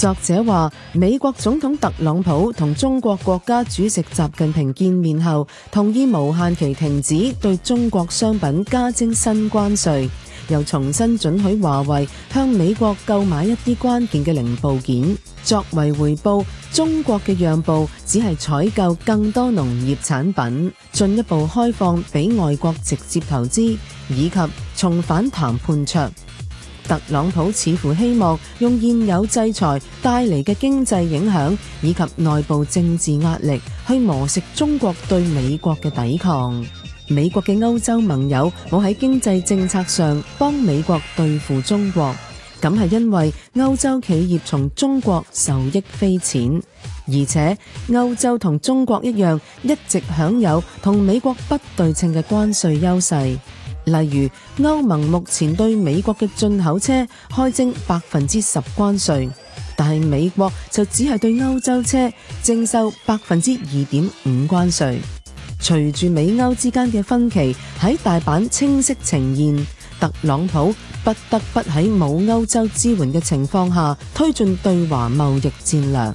作者話：美國總統特朗普同中國國家主席習近平見面後，同意無限期停止對中國商品加徵新關稅，又重新准許華為向美國購買一啲關鍵嘅零部件。作為回報，中國嘅讓步只係採購更多農業產品，進一步開放俾外國直接投資，以及重返談判桌。特朗普似乎希望用現有制裁帶嚟嘅經濟影響，以及內部政治壓力，去磨蝕中國對美國嘅抵抗。美國嘅歐洲盟友冇喺經濟政策上幫美國對付中國，咁係因為歐洲企業從中國受益匪淺，而且歐洲同中國一樣，一直享有同美國不對稱嘅關稅優勢。例如，歐盟目前對美國嘅進口車開徵百分之十關稅，但係美國就只係對歐洲車徵收百分之二點五關稅。隨住美歐之間嘅分歧喺大阪清晰呈現，特朗普不得不喺冇歐洲支援嘅情況下，推進對華貿易戰略。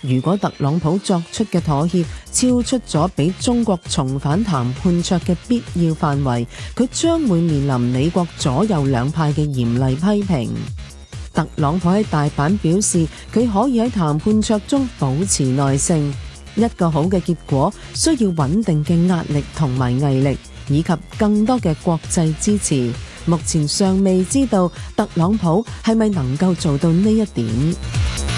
如果特朗普作出嘅妥協超出咗俾中國重返談判桌嘅必要範圍，佢將會面臨美國左右兩派嘅嚴厲批評。特朗普喺大阪表示，佢可以喺談判桌中保持耐性。一個好嘅結果需要穩定嘅壓力同埋毅力，以及更多嘅國際支持。目前尚未知道，特朗普係咪能夠做到呢一點。